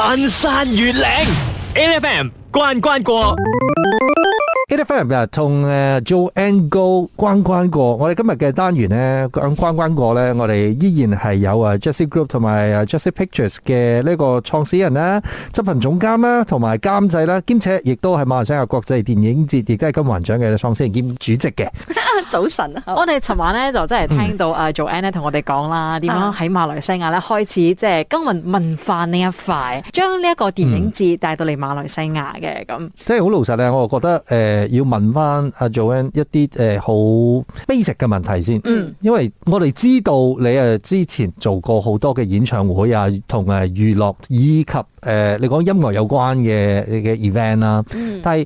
翻山越嶺，8FM 關關過，8FM 啊同誒 Joanne Goh 關關過。我哋今日嘅單元咧，講關關過咧，我哋依然係有啊 Jesse Group 同埋啊 Jesse Pictures 嘅呢一個創始人啦、執行總監啦、同埋監製啦，兼且亦都係馬來西亞國際電影節亦都係金環獎嘅創始人兼主席嘅。早晨，我哋尋晚咧就真係聽到 Joanne 同我哋講啦，點、嗯、樣喺馬來西亞咧開始即係耕耘文化呢一塊，將呢一個電影節帶到嚟馬來西亞嘅咁。嗯、樣即係好老實咧，我覺得誒、呃、要問翻 Joanne 一啲誒好、呃、basic 嘅問題先。嗯，因為我哋知道你誒之前做過好多嘅演唱會啊，同誒娛樂以及誒、呃、你講音樂有關嘅嘅 event 啦。嗯，但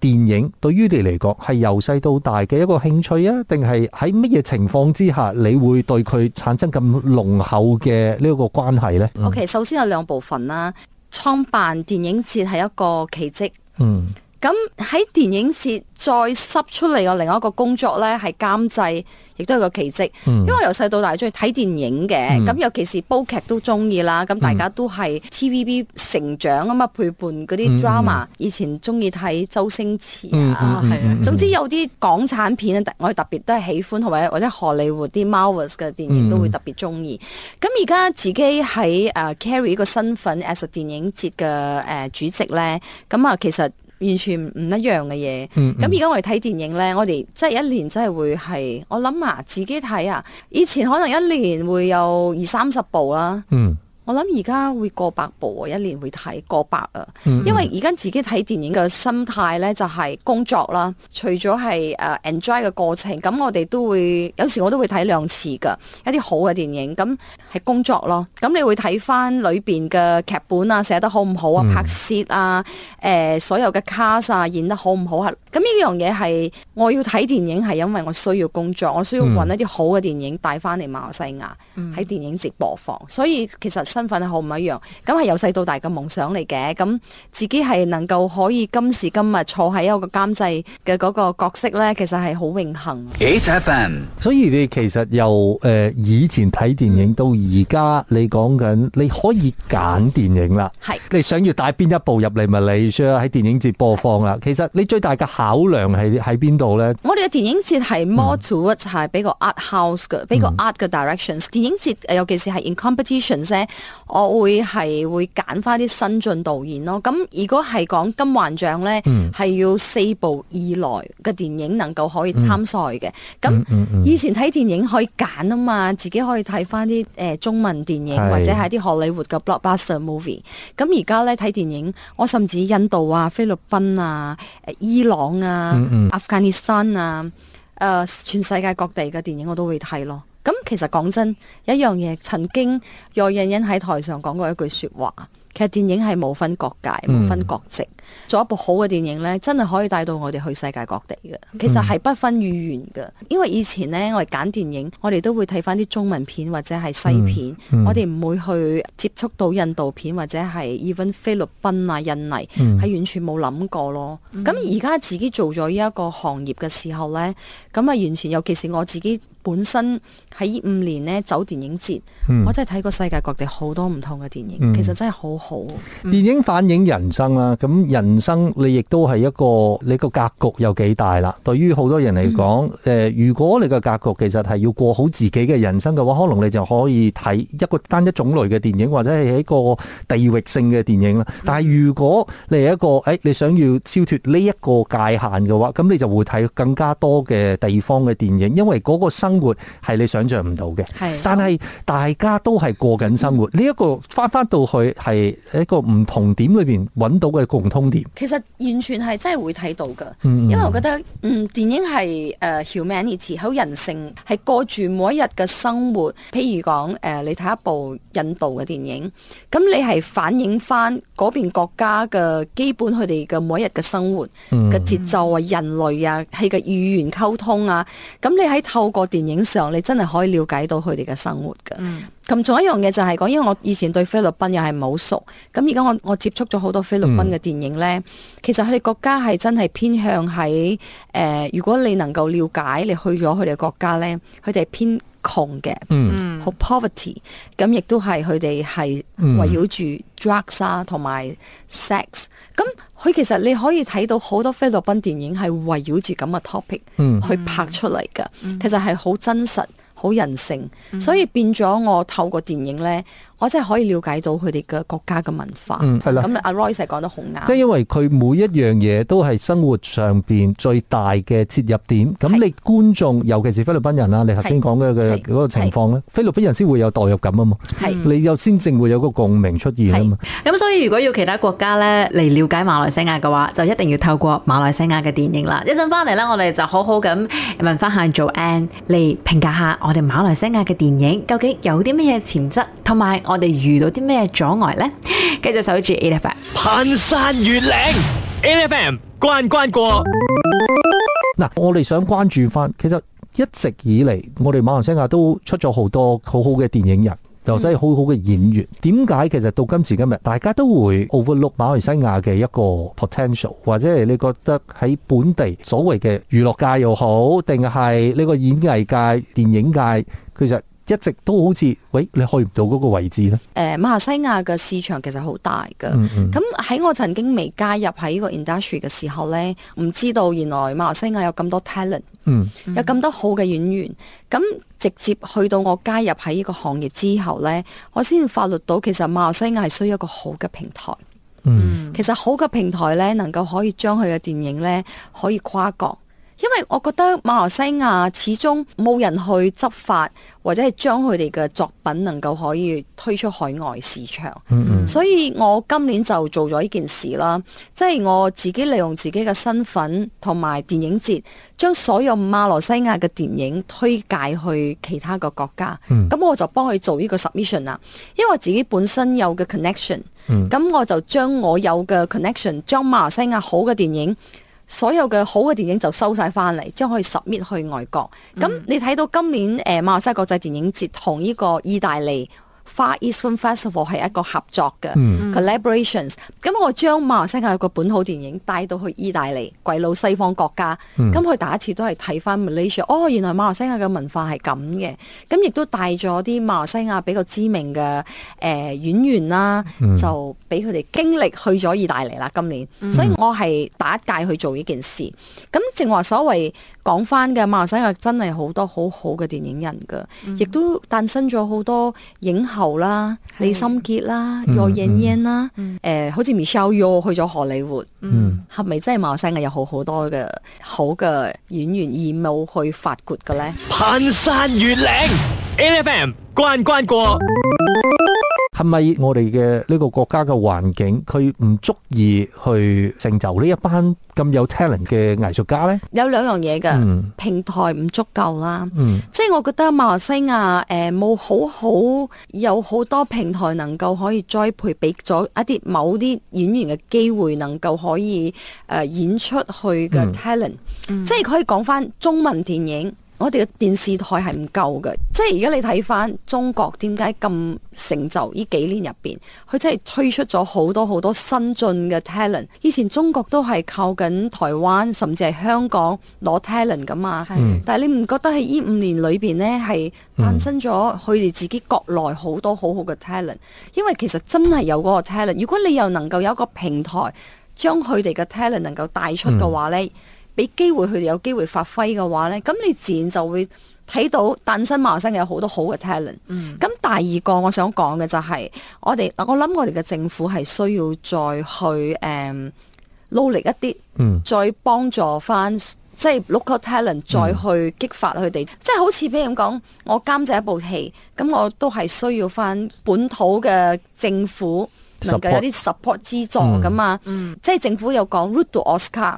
電影對於你嚟講係由細到大嘅一個興趣啊？定係喺乜嘢情況之下你會對佢產生咁濃厚嘅呢個關係呢？OK，首先有兩部分啦，創辦電影節係一個奇蹟。嗯。咁喺電影節再濕出嚟嘅另外一個工作咧，係監製，亦都係個奇蹟。嗯、因為由細到大中意睇電影嘅，咁、嗯、尤其是煲劇都中意啦。咁、嗯、大家都係 TVB 成長啊嘛，陪伴嗰啲 drama，以前中意睇周星馳啊，係、嗯嗯、啊。總之有啲港產片，我係特別都係喜歡，係咪？或者荷里活啲 Marvel 嘅電影都會特別中意。咁而家自己喺 carry 個身份、嗯、as 電影節嘅主席咧，咁啊，其實。完全唔一樣嘅嘢，咁而家我哋睇電影呢，我哋即係一年真係會係，我諗啊自己睇啊，以前可能一年會有二三十部啦。嗯我諗而家會過百部，一年會睇過百啊。嗯、因為而家自己睇電影嘅心態咧，就係工作啦。除咗係誒 enjoy 嘅過程，咁我哋都會有時我都會睇兩次㗎，一啲好嘅電影。咁係工作咯。咁你會睇返裏面嘅劇本啊，寫得好唔好啊，拍攝啊，誒、嗯呃，所有嘅 cast 啊，演得好唔好啊？咁呢樣嘢係我要睇電影係因為我需要工作，我需要揾一啲好嘅電影帶翻嚟馬來西亞喺、嗯、電影節播放，所以其實身份係好唔一樣。咁係由細到大嘅夢想嚟嘅，咁自己係能夠可以今時今日坐喺一個監製嘅嗰個角色呢，其實係好榮幸。Eight FM 's 所以你其實由、呃、以前睇電影到而家，你講緊你可以揀電影啦，係是你想要帶邊一部入嚟，咪你需要喺電影節播放啦。其實你最大嘅.考量係喺邊度咧？我哋嘅電影節係 more towards 比較 art house 嘅，比較 art 嘅 directions。嗯、電影節尤其是係 in competition 咧，我會係會揀翻啲新晉導演咯。咁如果係講金環獎咧，係、嗯、要四部以來嘅電影能夠可以參賽嘅。咁、嗯、以前睇電影可以揀啊嘛，嗯嗯嗯、自己可以睇翻啲誒中文電影，是或者係啲荷里活嘅 blockbuster movie。咁而家咧，睇電影，我甚至印度啊、菲律賓啊、誒伊朗。啊，阿富汗尼山啊，誒，全世界各地嘅電影我都會睇咯。咁其實講真，有一樣嘢，曾經蔡穎欣喺台上講過一句說話。其實電影係冇分國界、冇分國籍，嗯、做一部好嘅電影咧，真係可以帶到我哋去世界各地嘅。其實係不分語言嘅，嗯、因為以前咧，我哋揀電影，我哋都會睇翻啲中文片或者係西片，嗯嗯、我哋唔會去接觸到印度片或者係 Even 菲律賓啊、印尼，係、嗯、完全冇諗過咯。咁而家自己做咗呢一個行業嘅時候咧，咁啊完全，尤其是我自己。本身喺五年咧，走電影節，嗯、我真係睇過世界各地好多唔同嘅電影，嗯、其實真係好好。嗯、電影反映人生啦、啊，咁人生你亦都係一個你個格局有幾大啦。對於好多人嚟講誒，如果你個格局其實係要過好自己嘅人生嘅話，可能你就可以睇一個單一種類嘅電影，或者係一個地域性嘅電影啦。但係如果你係一個誒、哎、你想要超脱呢一個界限嘅話，咁你就會睇更加多嘅地方嘅電影，因為嗰個生生活係你想象唔到嘅，是但係大家都係過緊生活。呢、嗯、一個翻翻到去係一個唔同點裏邊揾到嘅共通點，其實完全係真係會睇到嘅，嗯、因為我覺得嗯，嗯電影係誒。Uh, humanity 好人性，係過住每一日嘅生活。譬如講、uh, 你睇一部印度嘅電影，咁你係反映翻嗰邊國家嘅基本佢哋嘅每一日嘅生活嘅節、嗯、奏啊、人類啊、係嘅語言溝通啊，咁你喺透過電影電影上，你真係可以了解到佢哋嘅生活㗎。咁仲、嗯、有一樣嘢就係講，因為我以前對菲律賓又係冇熟，咁而家我我接觸咗好多菲律賓嘅電影咧，嗯、其實佢哋國家係真係偏向喺誒、呃，如果你能夠了解，你去咗佢哋國家咧，佢哋係偏。窮嘅，好 poverty，咁亦都係佢哋係圍繞住 drugs 啊，同埋、嗯、sex。咁佢其實你可以睇到好多菲律賓電影係圍繞住咁嘅 topic 去拍出嚟嘅，嗯、其實係好真實、好人性，所以變咗我透過電影咧。我真係可以了解到佢哋嘅國家嘅文化。嗯，係啦。咁阿 Roy 係講得好啱。即係因為佢每一樣嘢都係生活上面最大嘅切入點。咁的你觀眾，尤其是菲律賓人啦，你頭先講嘅嗰個情況咧，菲律賓人先會有代入感啊嘛。係的。你又先正會有個共鳴出現啊嘛。咁的的所以如果要其他國家咧嚟了解馬來西亞嘅話，就一定要透過馬來西亞嘅電影啦。一陣翻嚟咧，我哋就好好咁問翻下做 Joanne 嚟評價下我哋馬來西亞嘅電影究竟有啲咩嘢潛質，同埋。我哋遇到啲咩阻礙呢？繼續守住 8FM。攀山越嶺，8FM 關關過。嗱、啊，我哋想關注翻，其實一直以嚟，我哋馬來西亞都出咗好多好好嘅電影人，又真係好好嘅演員。點解、嗯、其實到今時今日，大家都會 overlook 馬來西亞嘅一個 potential，或者係你覺得喺本地所謂嘅娛樂界又好，定係呢個演藝界、電影界，其實？一直都好似，喂、哎，你去唔到嗰個位置咧？誒、哎、馬來西亞嘅市場其實好大嘅。咁喺、嗯嗯、我曾經未加入喺呢個 industry 嘅時候咧，唔知道原來馬來西亞有咁多 talent，、嗯、有咁多好嘅演員，咁、嗯、直接去到我加入喺呢個行業之後咧，我先至發覺到其實馬來西亞係需要一個好嘅平台。嗯，其實好嘅平台咧，能夠可以將佢嘅電影咧，可以跨國。因為我覺得馬來西亞始終冇人去執法，或者係將佢哋嘅作品能夠可以推出海外市場。Mm hmm. 所以我今年就做咗呢件事啦，即係我自己利用自己嘅身份同埋電影節，將所有馬來西亞嘅電影推介去其他嘅國家。嗯。咁我就幫佢做呢個 submission 啦，因為我自己本身有嘅 connection。嗯。咁我就將我有嘅 connection，將馬來西亞好嘅電影。所有嘅好嘅電影就收晒翻嚟，將可以 submit 去外國。咁、嗯、你睇到今年誒、呃、馬來西亞國際電影節同呢個意大利 Far Eastern Festival 係一個合作嘅、嗯、collaborations，咁我將馬來西亞個本土電影帶到去意大利、鬼佬西方國家，咁佢、嗯、第一次都係睇返 Malaysia，哦，原來馬來西亞嘅文化係咁嘅，咁亦都帶咗啲馬來西亞比較知名嘅誒演員啦，嗯、就俾佢哋經歷去咗意大利啦。今年，所以我係第一屆去做呢件事，咁正話所謂。講翻嘅馬來西亞真係好多好好嘅電影人噶，嗯、亦都誕生咗好多影后啦，的李心潔啦，若、嗯、燕燕啦，誒、嗯呃、好似 Michelle Yeoh 去咗荷里活，係咪、嗯嗯、真係馬來西亞有好多好多嘅好嘅演員而冇去發掘嘅咧？《攀山越嶺》8FM 關關過。係咪我哋嘅呢個國家嘅環境，佢唔足以去成就呢一班咁有 talent 嘅藝術家呢？有兩樣嘢㗎，嗯、平台唔足夠啦。嗯、即係我覺得馬來西亞誒冇、呃、好好有好多平台能夠可以栽培畀咗一啲某啲演員嘅機會，能夠可以、呃、演出去嘅 talent、嗯。即係可以講翻中文電影。我哋嘅電視台係唔夠嘅，即係而家你睇返中國點解咁成就？呢幾年入面，佢真係推出咗好多好多新進嘅 talent。以前中國都係靠緊台灣，甚至係香港攞 talent 㗎嘛。是但係你唔覺得喺呢五年裏面呢，係誕生咗佢哋自己國內好多好好嘅 talent？、嗯、因為其實真係有嗰個 talent。如果你又能夠有一個平台，將佢哋嘅 talent 能夠帶出嘅話呢。嗯俾機會佢哋有機會發揮嘅話呢，咁你自然就會睇到誕生、冒生有好多好嘅 talent。咁、嗯、第二個我想講嘅就係、是，我哋我諗我哋嘅政府係需要再去、嗯、努力一啲，嗯、再幫助翻，即、就、係、是、local talent，再去激發佢哋。即係、嗯、好似譬如咁講，我監製一部戲，咁我都係需要翻本土嘅政府。能夠有啲 support 資助㗎嘛？嗯嗯、即係政府有講 Route to Oscar，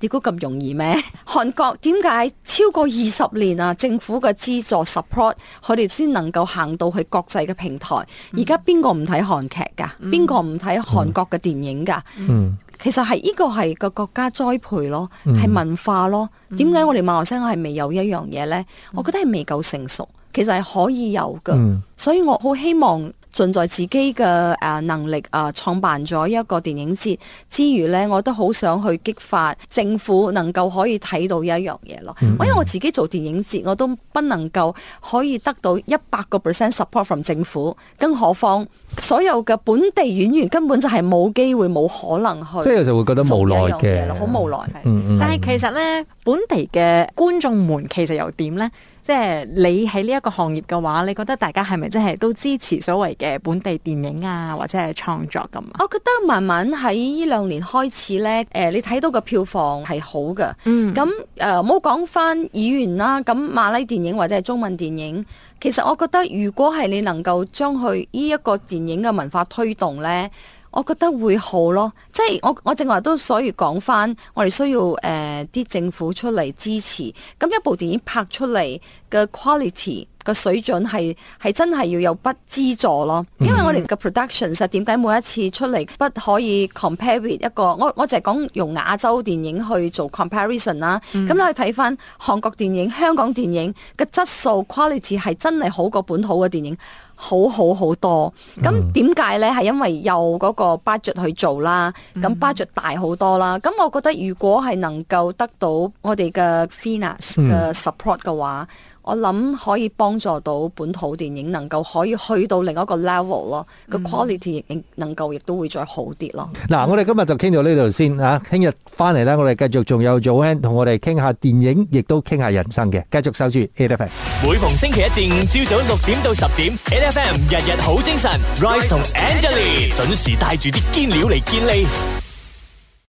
你估咁容易咩？韓國點解超過二十年啊？政府嘅資助 support，佢哋先能夠行到去國際嘅平台。而家邊個唔睇韓劇㗎？邊個唔睇韓國嘅電影㗎？嗯嗯、其實係呢個係個國家栽培咯，係文化咯。點解、嗯、我哋馬來西亞係未有一樣嘢咧？嗯、我覺得係未夠成熟，其實係可以有㗎。嗯、所以我好希望。盡在自己嘅誒能力啊，創辦咗一個電影節之餘咧，我都好想去激發政府能夠可以睇到一樣嘢咯。我、mm hmm. 因為我自己做電影節我都不能夠可以得到一百個 percent support from 政府，更何況所有嘅本地演員根本就係冇機會、冇、mm hmm. 可能去。即係就會覺得無奈嘅，好、hmm. 無奈。Mm hmm. 但係其實咧。本地嘅觀眾們其實又點呢？即係你喺呢一個行業嘅話，你覺得大家係咪真係都支持所謂嘅本地電影啊，或者係創作咁啊？我覺得慢慢喺呢兩年開始呢，誒、呃，你睇到嘅票房係好嘅。嗯，咁誒冇講翻語言啦。咁馬拉電影或者係中文電影，其實我覺得如果係你能夠將佢呢一個電影嘅文化推動呢。我覺得會好咯，即係我我正話都所以講返，我哋需要呃啲政府出嚟支持，咁一部電影拍出嚟嘅 quality，個水準係真係要有筆資助咯，因為我哋嘅 production 實點解每一次出嚟不可以 compare with 一個？我我淨係講用亞洲電影去做 comparison 啦、啊。咁你可以睇翻韓國電影、香港電影嘅質素 quality 係真係好過本土嘅電影，好好好多。咁點解呢？係因為有嗰個 budget 去做啦，咁 budget 大好多啦。咁、嗯、我覺得如果係能夠得到我哋嘅 finance 嘅 support 嘅話，嗯我諗可以幫助到本土電影，能夠可以去到另一個 level 咯，個 quality 亦能夠亦都會再好啲咯。嗱，我哋今日就傾到呢度先啊！聽日翻嚟咧，我哋繼續仲有 Joanne，同我哋傾下電影，亦都傾下人生嘅。繼續守住，8FM。每逢星期一至五，朝早六點到十點，8FM 日日好精神。Rise 同 Angelie 準時帶住啲堅料嚟堅利。